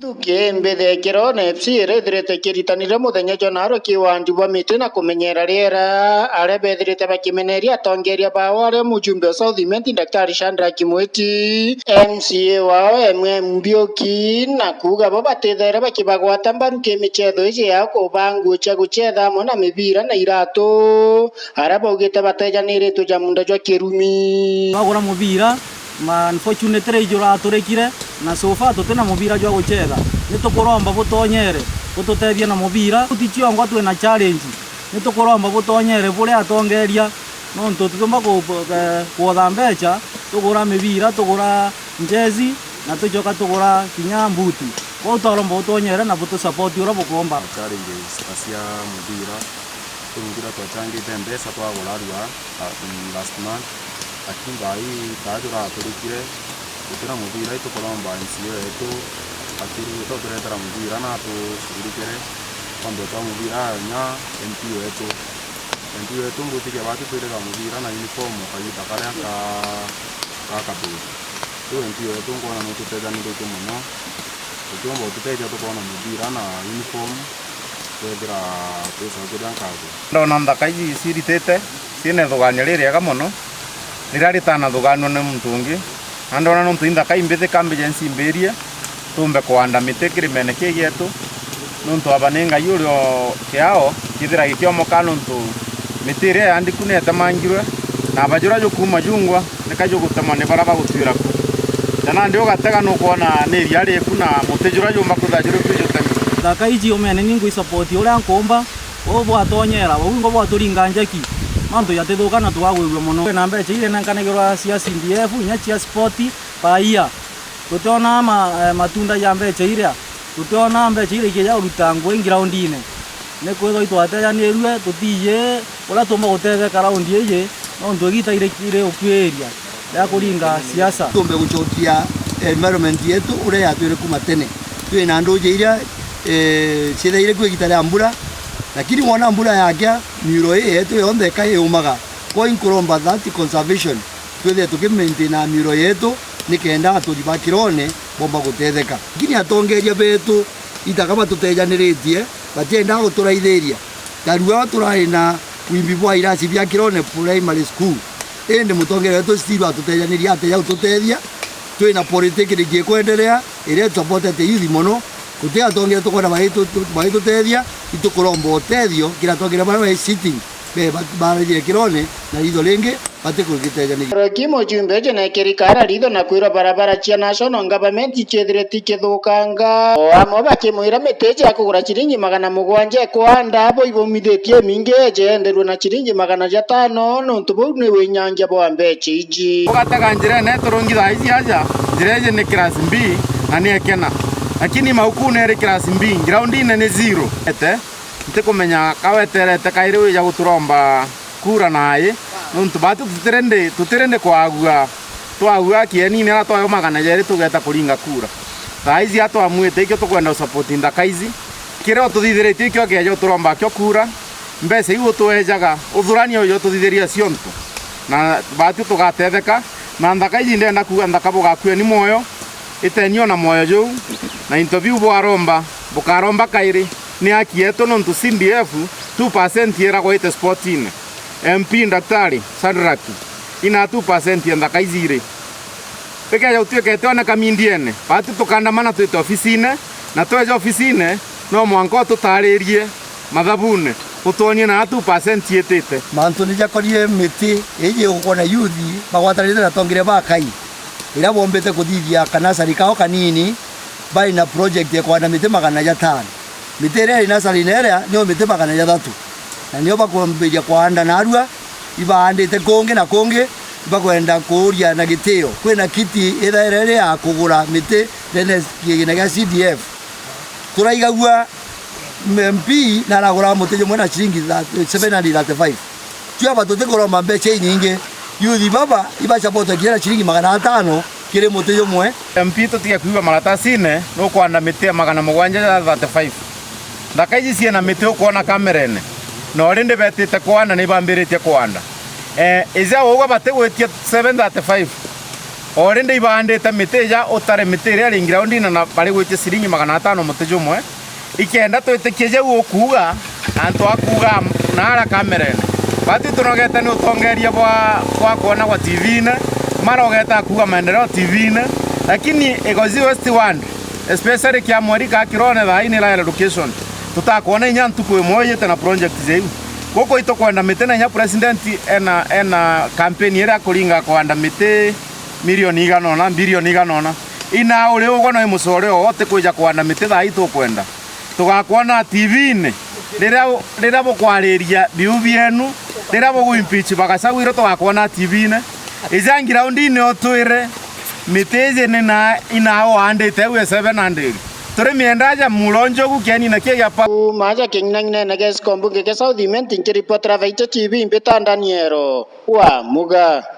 Thuki mbithi ikiro na FC iraithirite ikiritanire muthenya jonaro kiwandi bwa miti na kumenyera riera aria bethirite bakimeneria atongeria bao aria mujumbe wa Southimenti Daktari Shandra Kimweti MCA wao MM Mbioki na kuga bo batithere bakibagwata mbaru kimichetho ici ya kubangucha guchetha hamwe na mibira na iratu aria baugite batejaniritwe ja munda jwa kirumi bagura mubira ma unfortunately ijura aturikire na sofa tutina mubira jwa gucheza nitukuromba butonyere bututethie na mubira tutichiongo twina challenge nitukuromba butonyere buria atongeria nontu tutumba eh, kuotha mbecha tugura mibira tugura njezi na tuchoka tugura kinya mbuti kwa utoromba butonyere na butusapoti uria bukomba challenges cia mubira turugura twachangite mbeca twagura rua ah, last month lakini thaii taa turaturikire gutira muthira itukuromba nsi iyo yetu akiri toturetera muthira na tushughulikire kwambe twa muthira nya MP wetu MP wetu ngutikia batutwirira muthira na uniform kaita karia ka gakathuthi riu MP wetu nguona nututethaniritwe muno tukiomba ututethia tukona muthira na uniform twethira twicokeria ngatho ndona nthaka ici ciritite ciene thuganio ririega muno riria ritanathuganio ni muntu ungi na ndona nontu inthaka imbithi kambijensi imbirie tumbe kuanda miti kirimene kii gitu nontu aba ni ngai urio kiao kithira gikiomoka nontu miti iria yandiku netemangirwe na aba jura jukuma jungwa nika jugutemwa ni bara bagutwira ku kana ndi ugatega nukwona ni iria riku na muti jura jumba kutha juri thaka iji umene ningwi support uria nkumba ubwatonyera ubwingo bwaturinga njeki mandu yatithuka twagwirua muno kwina mbeca iria nenganagirwa cia CDF inya cia sport paia gutiona ma, matunda ya mbeca iria gutiona mbeca iria ikija uruta ngwe groundine ni kwithwa itwateanirue tutiye uria tumba gutetheka raundi iyi nondu igitaire kire ukwiria ya kuringa eh, siasa tumbe gucokia environment yetu uria yatwire kuma tene twina nduja iria ciithaire kwigita ria mbura lakini wona mbura yagia miro ii yetu yonthe ka yumaga kwa inkuromba that conservation twithe na miro yetu nikenda aturi bakirone bomba gutetheka nginya atongeria betu itaka batutejaniritie batienda guturaithiria tarua turari na wimbi bwa irasi bia kirone primary school indi mutongere wetu steve atutejaniririe atejau tutethia twina politiki ngiikwenderea iria tusapotete yuthi mono tutia tongira tukona mai tu mai tu tedia itukuromba utedio kila twagira bana mai sitting be barire kirone na hizo lingi kimo chumbeche na kirikara ritho na kwira barabara cia national government chedre ti kithukanga o amo bakimwira miteje ya kugura ciringi magana mugwanja kwanda bo minge je ejenderwe na ciringi magana jatano no bau ni winyangia bwa mbeche iji ugataga njira ene turungi thaici aja njira iji ni class b na ni ekena lakini maukune eri kirasi mbingi raundi ni zero ete ntikumenya kaweterete kairi wija guturomba kura nayi nontu batu tutirende tutirende kwagua twagua kienini ara twayo magana jeri tugeta kuringa kura thaizi atwamwite ikio tukwenda usapoti ndakaizi kiria ututhithiritie ikio kieja uturomba kio kura mbeca iu utwejaga uthurania uyu ututhithiria ciontu na batu tugatetheka na nthaka iji ndenda kuga nthaka ni moyo itenio na moyo juu na interview bwaromba bukaromba kairi ni akietwo nontu CDF 2% yeragwo ite sportine MP Daktari Sadraki ina 2% ya ndaka izire pekeja utwekete ona kamindiene patu tukandamana twite ofisine na tweja ofisine no mwanko tutaririe mathabune utonie na 2% yetite mantu nijakorie miti eje ukona yuthi magwatanite na tongire bakai ira bombete kuthithia kanasari kao kanini bali na project ya kwanda miti magana jatano miti ira iri nasari nerea nio miti magana tatu na nio bakwambiria kwanda narua ibaandite kungi na kungi bakwenda kuuria na gitio na kiti ithaira iri ya kugura miti rene kigina gia CDF turaigagua MP na aragura muti jumwe na ciringi 735 tuaba tutikuroma mbeca inyingi yuthi baba ibacabota kiera ciringi magana atano kiri muti jumwe mpito tiga kuiba marata cine nukwanda miti ya magana mugwanja ya 35 thaka ici ciena miti ukwona kamerene na uri ndi betite kwanda ni bambiritie kwanda e, ija uga batigwitie 735 uri ndi ibandite miti ija utari miti iria ringira undina na bari gwitie ciringi magana atano muti jumwe ikenda twitikie jau ukuga antu akuga nara kamerene bathi tunogete ni utongeria bwa bwa kuona kwa TV-ine na marogeta kuga maendeleo TV-ine lakini igozi west one especially kia mweri ka kirone tha ini la education tutakuona inya ntuku imwe tena project zeu goko ito kwenda mite na nya president ena ena campaign ira kuringa kwenda mite milioni igana na bilioni igana na ina uri ugo no imucore wote kuja kwenda mite tha itu kwenda tugakuona TV-ine riria mukwariria biu bienu riria muguimpeach bakasagwire tugakwona TV-ine ija ngiraundine utwire miti iji inawe waandite au esebe na ndiri turi miendaja mulonjogu kianina kigiapa maja king'inang'inene gesikombunge gesauthimentinkiripotravaiche TV impitandaniero wa muga